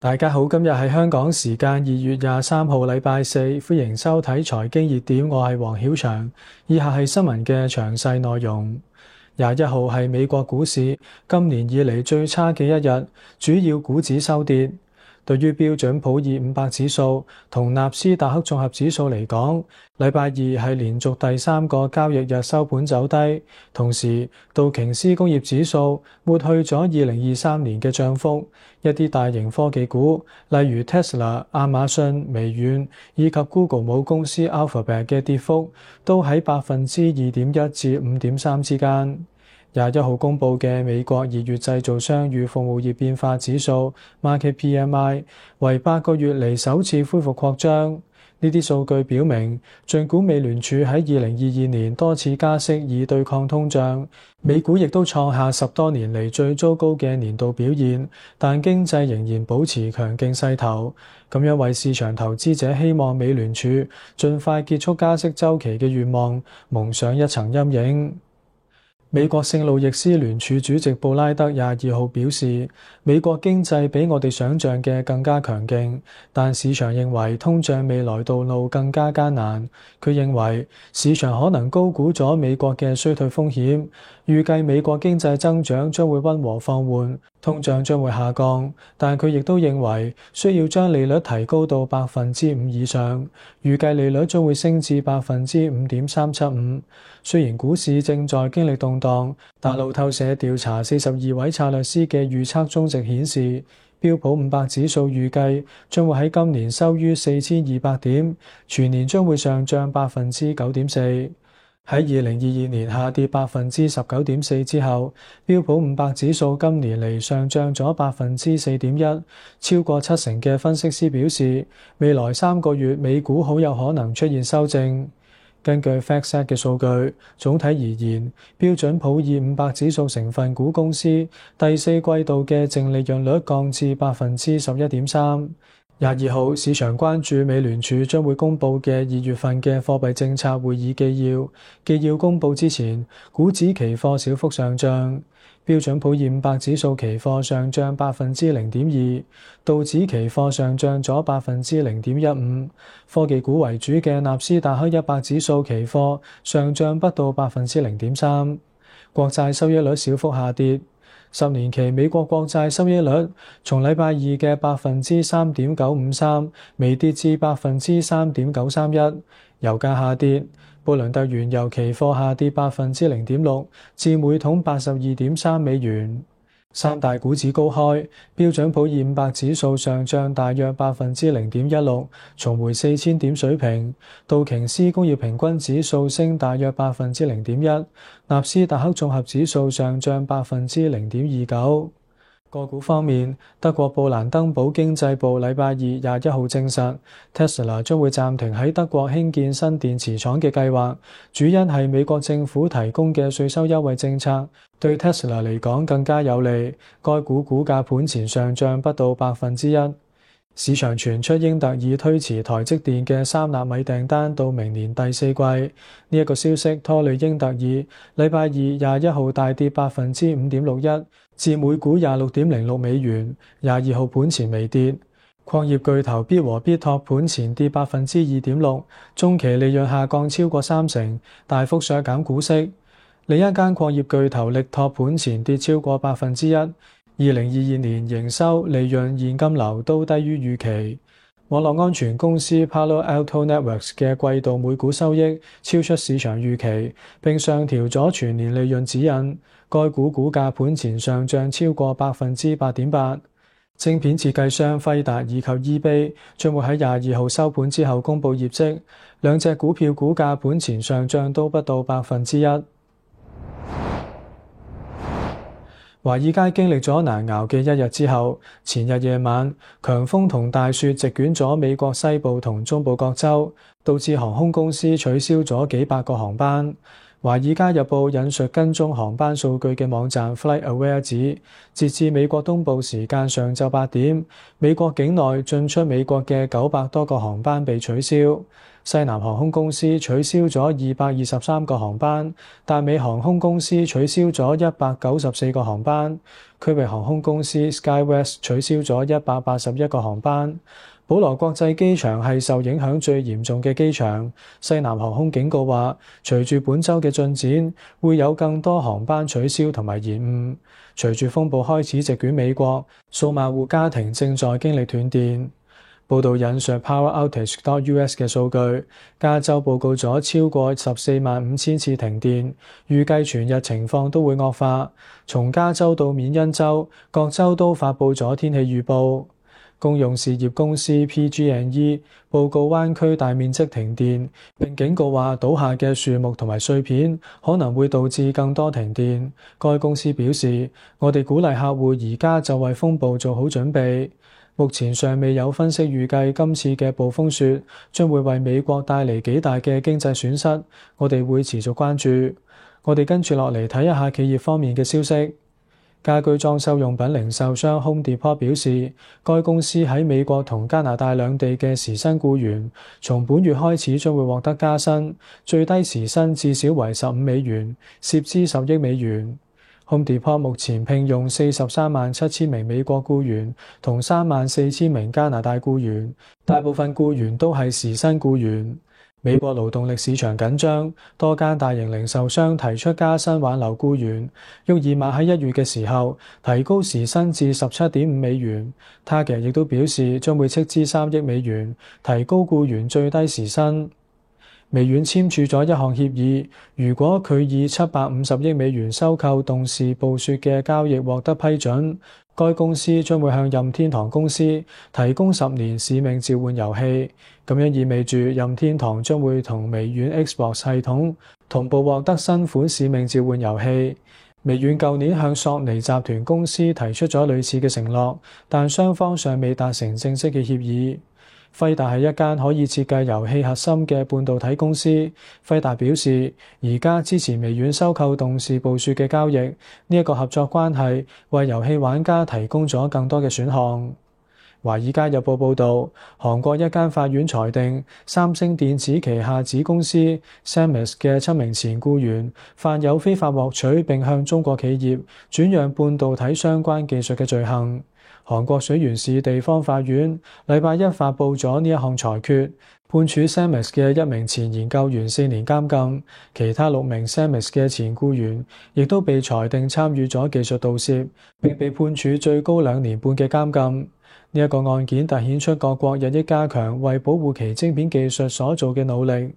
大家好，今日係香港時間二月廿三號禮拜四，歡迎收睇財經熱點，我係黃曉翔。以下係新聞嘅詳細內容。廿一號係美國股市今年以嚟最差嘅一日，主要股指收跌。對於標準普爾五百指數同納斯達克綜合指數嚟講，禮拜二係連續第三個交易日收盤走低，同時道瓊斯工業指數抹去咗二零二三年嘅漲幅。一啲大型科技股，例如 Tesla、亞馬遜、微軟以及 Google 母公司 Alphabet 嘅跌幅都喺百分之二點一至五點三之間。廿一號公布嘅美國二月製造商與服務業變化指數 （Market PMI） 為八個月嚟首次恢復擴張。呢啲數據表明，盡管美聯儲喺二零二二年多次加息以對抗通脹，美股亦都創下十多年嚟最糟糕嘅年度表現，但經濟仍然保持強勁勢頭。咁樣為市場投資者希望美聯儲盡快結束加息週期嘅願望蒙上一層陰影。美國聖路易斯聯儲主席布拉德廿二號表示，美國經濟比我哋想象嘅更加強勁，但市場認為通脹未來道路更加艱難。佢認為市場可能高估咗美國嘅衰退風險，預計美國經濟增長將會温和放緩。通脹將會下降，但佢亦都認為需要將利率提高到百分之五以上，預計利率將會升至百分之五點三七五。雖然股市正在經歷動盪，但路透社調查四十二位策略師嘅預測中值顯示，標普五百指數預計將會喺今年收於四千二百點，全年將會上漲百分之九點四。喺二零二二年下跌百分之十九點四之後，標普五百指數今年嚟上漲咗百分之四點一，超過七成嘅分析師表示，未來三個月美股好有可能出現修正。根據 FactSet 嘅數據，總體而言，標準普爾五百指數成分股公司第四季度嘅淨利潤率降至百分之十一點三。廿二號，市場關注美聯儲將會公佈嘅二月份嘅貨幣政策會議紀要。紀要公佈之前，股指期貨小幅上漲，標準普爾五百指數期貨上漲百分之零點二，道指期貨上漲咗百分之零點一五。科技股為主嘅納斯達克一百指數期貨上漲不到百分之零點三。國債收益率小幅下跌。十年期美國國債收益率從禮拜二嘅百分之三點九五三微跌至百分之三點九三一。油價下跌，布倫特原油期貨下跌百分之零點六至每桶八十二點三美元。三大股指高開，標準普爾五百指數上漲大約百分之零點一六，重回四千點水平；道瓊斯工業平均指數升大約百分之零點一，納斯達克綜合指數上漲百分之零點二九。個股方面，德國布蘭登堡經濟部禮拜二廿一號證實，Tesla 將會暫停喺德國興建新電池廠嘅計劃，主因係美國政府提供嘅稅收優惠政策對 Tesla 嚟講更加有利。該股股價盤前上漲不到百分之一。市場傳出英特爾推遲台積電嘅三納米訂單到明年第四季，呢一個消息拖累英特爾，禮拜二廿一號大跌百分之五點六一，至每股廿六點零六美元。廿二號盤前微跌。礦業巨頭必和必拓盤前跌百分之二點六，中期利潤下降超過三成，大幅削減股息。另一間礦業巨頭力拓盤前跌超過百分之一。二零二二年營收、利潤、現金流都低於預期。網絡安全公司 Palo Alto Networks 嘅季度每股收益超出市場預期，並上調咗全年利潤指引。該股股價盤前上漲超過百分之八點八。晶片設計商輝達以及 eBay 將會喺廿二號收盤之後公佈業績，兩隻股票股價盤前上漲都不到百分之一。華爾街經歷咗難熬嘅一日之後，前日夜晚強風同大雪席捲咗美國西部同中部各州，導致航空公司取消咗幾百個航班。華爾街日報引述跟蹤航班數據嘅網站 FlightAware 指，截至美國東部時間上晝八點，美國境內進出美國嘅九百多個航班被取消。西南航空公司取消咗二百二十三個航班，達美航空公司取消咗一百九十四個航班，區域航空公司 Skywest 取消咗一百八十一個航班。保羅國際機場係受影響最嚴重嘅機場。西南航空警告話，隨住本周嘅進展，會有更多航班取消同埋延誤。隨住風暴開始席捲美國，數萬戶家庭正在經歷斷電。報道引述 PowerOutage.US 嘅數據，加州報告咗超過十四萬五千次停電，預計全日情況都會惡化。從加州到緬因州，各州都發布咗天氣預報。公用事業公司 PG&E 報告灣區大面積停電，並警告話倒下嘅樹木同埋碎片可能會導致更多停電。該公司表示：我哋鼓勵客戶而家就為風暴做好準備。目前尚未有分析預計今次嘅暴風雪將會為美國帶嚟幾大嘅經濟損失，我哋會持續關注。我哋跟住落嚟睇一下企業方面嘅消息。家居裝修用品零售商空跌 m 表示，該公司喺美國同加拿大兩地嘅時薪僱員從本月開始將會獲得加薪，最低時薪至少為十五美元，涉資十億美元。Home Depot 目前聘用四十三萬七千名美國僱員同三萬四千名加拿大僱員，大部分僱員都係時薪僱員。美國勞動力市場緊張，多間大型零售商提出加薪挽留僱員。沃爾瑪喺一月嘅時候提高時薪至十七點五美元，Target 亦都表示將會斥資三億美元提高僱員最低時薪。微軟簽署咗一項協議，如果佢以七百五十億美元收購動視暴雪嘅交易獲得批准，該公司將會向任天堂公司提供十年使命召喚遊戲，咁樣意味住任天堂將會同微軟 Xbox 系統同步獲得新款使命召喚遊戲。微軟舊年向索尼集團公司提出咗類似嘅承諾，但雙方尚未達成正式嘅協議。輝達係一間可以設計遊戲核心嘅半導體公司。輝達表示，而家支持微軟收購動視暴雪嘅交易，呢、這、一個合作關係為遊戲玩家提供咗更多嘅選項。華爾街日報報道，韓國一間法院裁定三星電子旗下子公司 Semes 嘅七名前僱員犯有非法獲取並向中國企業轉讓半導體相關技術嘅罪行。韓國水原市地方法院禮拜一發布咗呢一項裁決，判處 Semis 嘅一名前研究員四年監禁，其他六名 Semis 嘅前僱員亦都被裁定參與咗技術盜竊，並被判處最高兩年半嘅監禁。呢、這、一個案件凸顯出各國日益加強為保護其晶片技術所做嘅努力。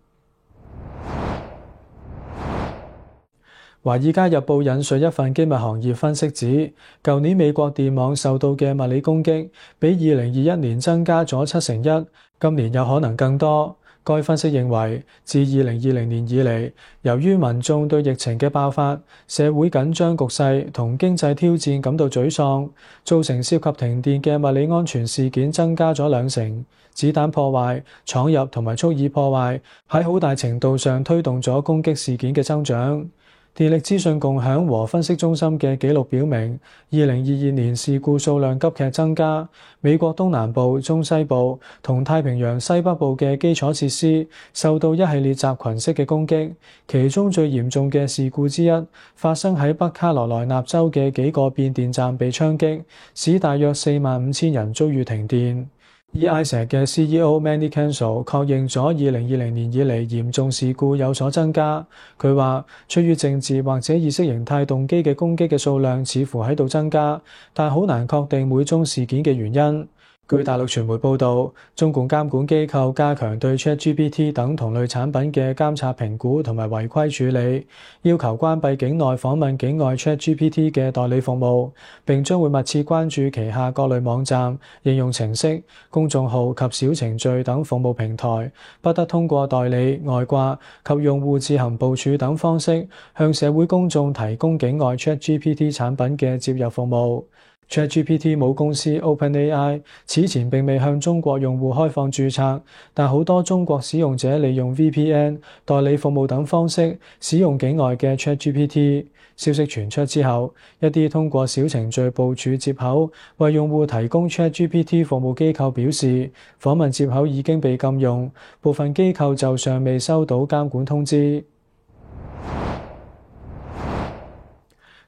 華爾街日報引述一份機密行業分析指，舊年美國電網受到嘅物理攻擊比二零二一年增加咗七成一，今年有可能更多。該分析認為，自二零二零年以嚟，由於民眾對疫情嘅爆發、社會緊張局勢同經濟挑戰感到沮喪，造成涉及停電嘅物理安全事件增加咗兩成。子彈破壞、闖入同埋蓄意破壞喺好大程度上推動咗攻擊事件嘅增長。電力資訊共享和分析中心嘅記錄表明，二零二二年事故數量急劇增加。美國東南部、中西部同太平洋西北部嘅基礎設施受到一系列集群式嘅攻擊，其中最嚴重嘅事故之一發生喺北卡羅來納州嘅幾個變電站被槍擊，使大約四萬五千人遭遇停電。Ei ISAC 嘅 CEO Manny Cancel 確認咗二零二零年以嚟嚴重事故有所增加。佢話：出於政治或者意識形態動機嘅攻擊嘅數量似乎喺度增加，但好難確定每宗事件嘅原因。據大陸傳媒報導，中共監管機構加強對 ChatGPT 等同類產品嘅監察評估同埋違規處理，要求關閉境內訪問境外 ChatGPT 嘅代理服務，並將會密切關注旗下各類網站、應用程式、公眾號及小程序等服務平台，不得通過代理、外掛及用戶自行部署等方式向社會公眾提供境外 ChatGPT 產品嘅接入服務。ChatGPT 母公司 OpenAI，此前並未向中國用戶開放註冊，但好多中國使用者利用 VPN、代理服務等方式使用境外嘅 ChatGPT。消息傳出之後，一啲通過小程序部署接口為用戶提供 ChatGPT 服務機構表示，訪問接口已經被禁用，部分機構就尚未收到監管通知。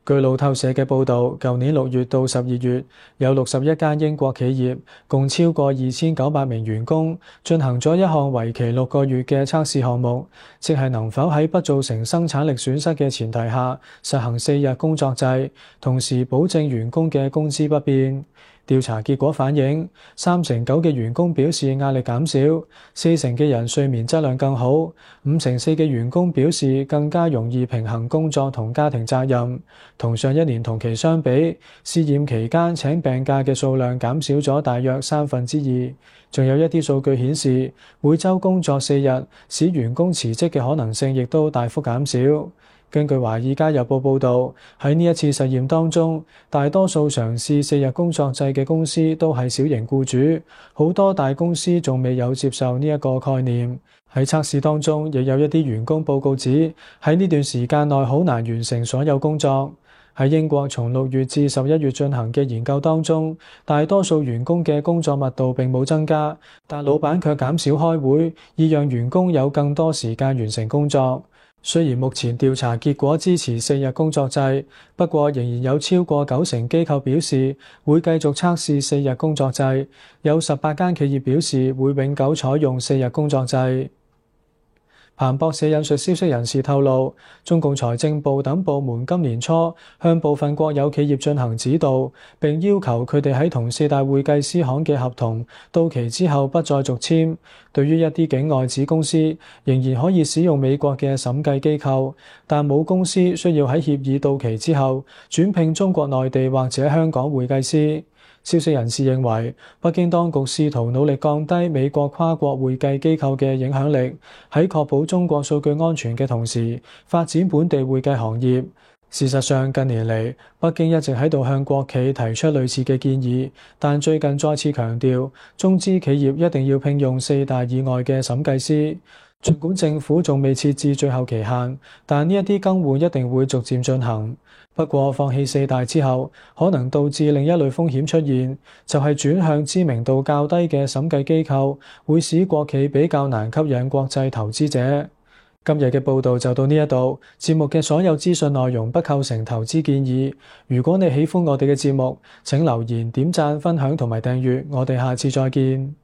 據路透社嘅報導，舊年六月到十二月，有六十一間英國企業，共超過二千九百名員工，進行咗一項為期六個月嘅測試項目，即係能否喺不造成生產力損失嘅前提下，實行四日工作制，同時保證員工嘅工資不變。調查結果反映，三成九嘅員工表示壓力減少，四成嘅人睡眠質量更好，五成四嘅員工表示更加容易平衡工作同家庭責任。同上一年同期相比，試驗期間請病假嘅數量減少咗大約三分之二。仲有一啲數據顯示，每週工作四日，使員工辭職嘅可能性亦都大幅減少。根據《華爾街日報》報導，喺呢一次實驗當中，大多數嘗試四日工作制嘅公司都係小型僱主，好多大公司仲未有接受呢一個概念。喺測試當中，亦有一啲員工報告指，喺呢段時間內好難完成所有工作。喺英國從六月至十一月進行嘅研究當中，大多數員工嘅工作密度並冇增加，但老闆卻減少開會，以讓員工有更多時間完成工作。雖然目前調查結果支持四日工作制，不過仍然有超過九成機構表示會繼續測試四日工作制，有十八間企業表示會永久採用四日工作制。彭博社引述消息人士透露，中共財政部等部門今年初向部分國有企業進行指導，並要求佢哋喺同四大會計師行嘅合同到期之後不再續簽。對於一啲境外子公司，仍然可以使用美國嘅審計機構，但母公司需要喺協議到期之後轉聘中國內地或者香港會計師。消息人士認為，北京當局試圖努力降低美國跨國會計機構嘅影響力，喺確保中國數據安全嘅同時發展本地會計行業。事實上，近年嚟，北京一直喺度向國企提出類似嘅建議，但最近再次強調中資企業一定要聘用四大以外嘅審計師，盡管政府仲未設置最後期限，但呢一啲更換一定會逐漸進行。不過放棄四大之後，可能導致另一類風險出現，就係轉向知名度較低嘅審計機構，會使國企比較難吸引國際投資者。今日嘅報道就到呢一度，節目嘅所有資訊內容不構成投資建議。如果你喜歡我哋嘅節目，請留言、點讚、分享同埋訂閱。我哋下次再見。